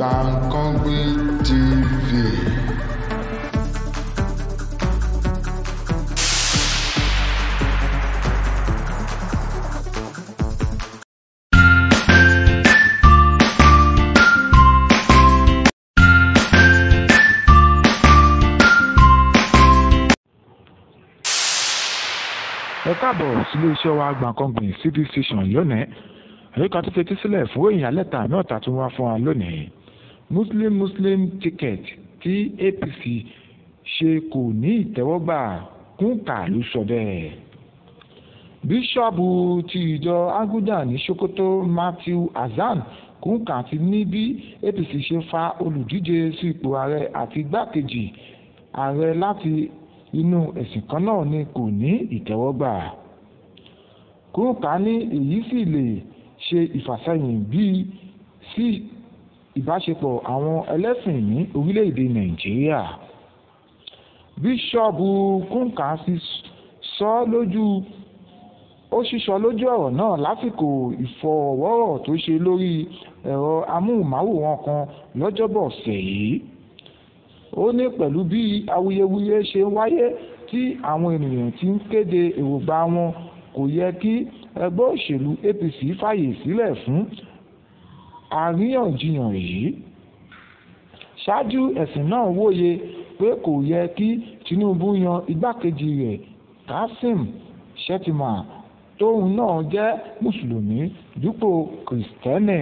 Gbankanbi TV. ẹ káàbọ̀ sílé iṣẹ́ wa Gbankanbi TV station lónìí àyíká tó fetí sílẹ̀ fún ìyàlẹ́ta mẹ́ta tó wá fún wa lónìí muslim muslim ticket tí apc ṣe kò ní ìtẹ́wọ́gbà kúńkà ló sọ bẹ́ẹ̀. bíṣọ́ọ̀bù ti ìjọ aguda ní sokoto matthew hasan kúńkà ti ní bí apc ṣe fa olùdíje sí ipò ààrẹ àti igbákejì ààrẹ láti inú ẹ̀sìn kan náà ni kò ní ìtẹ́wọ́gbà. kúńkà ní èyí sì lè ṣe ìfàsẹ́yìn bíi sí ìbáṣepọ̀ àwọn ẹlẹ́sìn ní orílẹ̀-èdè nàìjíríà bíṣọ́ọ̀bù kúnkàsí sọ lójú ó ṣíṣọ lójú ọ̀rọ̀ náà lásìkò ìfọ̀rọ̀wọ́rọ̀ tó ṣe lórí ẹ̀rọ amóhùnmáwòrán kan lọ́jọ́bọ̀ ọ̀sẹ̀ yìí ó ní pẹ̀lú bí awuyewuye ṣe wáyé tí àwọn ènìyàn ti ń kéde èròǹgbà wọn kò yẹ kí ẹgbẹ́ òṣèlú APC fàyè sílẹ̀ fún àríyànjiyàn yìí ṣáájú ẹ̀sìn náà wòye pé kò yẹ kí Tinubu yan igbákejì rẹ̀ Kasim Shettima tóun náà jẹ́ mùsùlùmí dípò kìrìsìtẹ́nì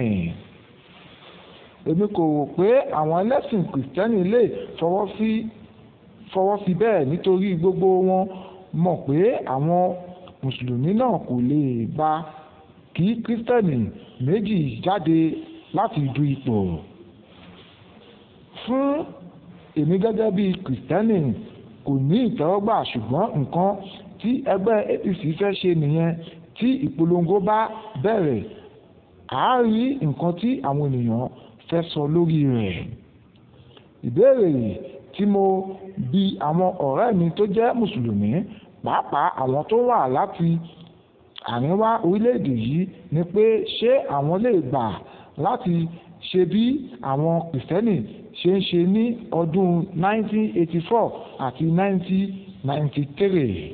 èmi kò rò pé àwọn ẹlẹ́sìn kìrìsìtẹ́nì lè fọwọ́ fi bẹ́ẹ̀ nítorí gbogbo wọn mọ̀ pé àwọn mùsùlùmí náà kò lè bá kí kìrìsìtẹ́nì méjì jáde láti du ipò fún èmi gẹ́gẹ́ bí kìrìtẹ́nì kò ní ìtẹ́wọ́gbà ṣùgbọ́n nǹkan tí ẹgbẹ́ APC fẹ́ ṣe nìyẹn tí ìpolongo bá bẹ̀rẹ̀ á rí nǹkan tí àwọn ènìyàn fẹ́ sọ lórí rẹ̀ ìbéèrè tí mo bi àwọn ọ̀rẹ́ mi tó jẹ́ mùsùlùmí pàápàá àwọn tó wà láti àríwá orílẹ̀-èdè yìí ni pé ṣé àwọn lè gbà láti ṣe bí àwọn kìrìsìtẹ́nì ṣe ń ṣe ní ọdún 1984 àti 1993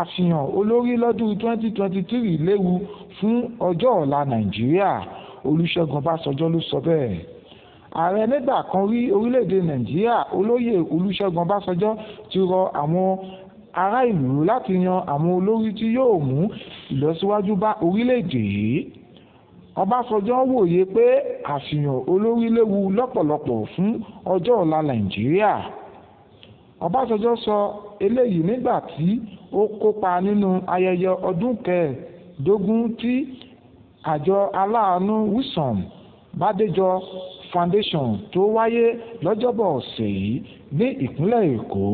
àfihàn olórí lọ́dún 2023 léwu fún ọjọ́ ọ̀la nàìjíríà olùṣègùn ọbásanjọ́ ló sọ bẹ́ẹ̀ ààrẹ nígbà kan rí orílẹ̀-èdè nàìjíríà olóyè olùṣègùn ọbásanjọ́ ti rọ àwọn ará ìlú láti yan àwọn olórí tí yóò mú ìlọsíwájú bá orílẹ̀-èdè yìí Ọbásanjọ́ wòye pé àfihàn olórí léwu lọ́pọ̀lọpọ̀ fún ọjọ́ ọ̀la Nàìjíríà Ọbásanjọ́ sọ eléyìí nígbà tí ó kópa nínú ayẹyẹ ọdún kẹẹ̀ẹ́dógún tí àjọ aláàánú Wilson Bádéjọ Foundation tó wáyé lọ́jọ́bọ̀ ọ̀sẹ̀ yìí ní ìpínlẹ̀ Èkó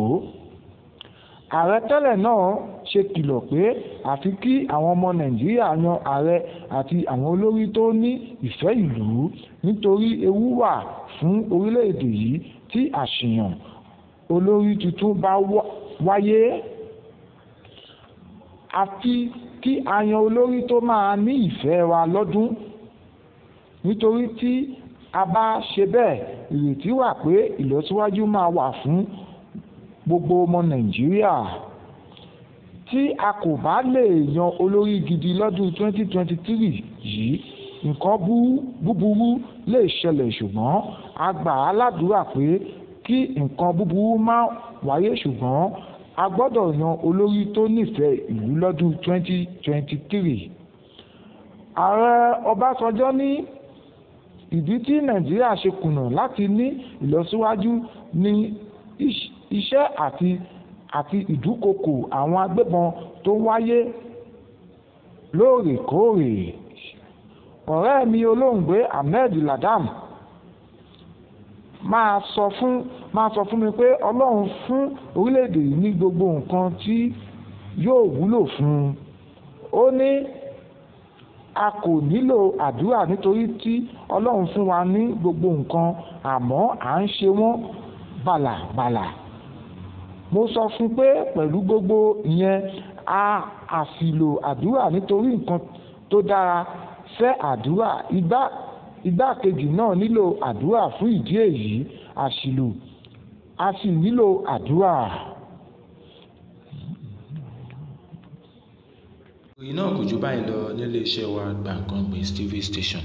ààrẹ tẹ́lẹ̀ náà ṣe kìlọ̀ pé àfi kí àwọn ọmọ nàìjíríà yan ààrẹ àti àwọn olórí tó ní ìfẹ́ ìlú nítorí ewu wà fún orílẹ̀-èdè yìí tí àṣìyàn olórí tuntun bá wáyé àfi kí a yan olórí tó máa ní ìfẹ́ wa lọ́dún nítorí tí a bá ṣe bẹ́ẹ̀ ìrètí wà pé ìlọsíwájú máa wà fún gbogbo ọmọ nàìjíríà tí a kò bá lè yan olórí gidi lọ́dún 2023 yìí nǹkan búburú lè ṣẹlẹ̀ ṣùgbọ́n a gbà á ládùúrà pé kí nǹkan búburú má wáyé ṣùgbọ́n a gbọ́dọ̀ yan olórí tó nífẹ̀ẹ́ ìlú lọ́dún 2023. ààrẹ ọbásanjọ́ ní ìdí tí nàìjíríà ṣe kùnà láti ní ìlọsíwájú ní iṣẹ́ àti àti ìdúkokò àwọn agbébọn tó wáyé lóòrèkóòrè ọ̀rẹ́ mi olóògbé Ahmed Ladam máa sọ fún máa sọ fún mi pé Ọlọ́run fún orílẹ̀-èdè yìí ní gbogbo nǹkan tí yóò wúlò fún un ó ní a kò nílò àdúrà nítorí tí Ọlọ́run fún wa ní gbogbo nǹkan àmọ́ à ń ṣe wọ́n bàlàbàlà mo sọ fún pé pẹ̀lú gbogbo ìyẹn a àfìlò àdúrà nítorí nǹkan tó dára fẹ́ àdúrà igbá igbákejì náà nílò àdúrà fún ìdí èyí àṣìlò a sì nílò àdúrà. ìròyìn náà kò jù báyìí lọ nílé iṣẹ́ wa Gbankanbi TV station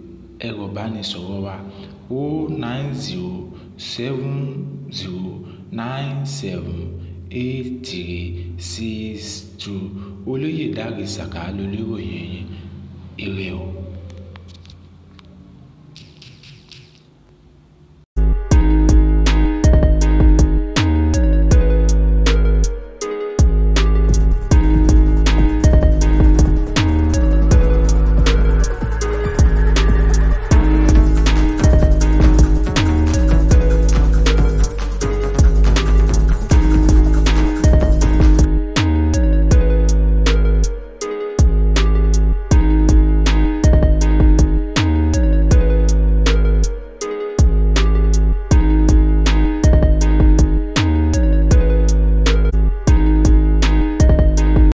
ẹ̀rọ ìbánisọ̀rọ̀ wa o nine zero seven zero nine seven eight three six two olóyèdárì sàká lolóròyìn yín ire o.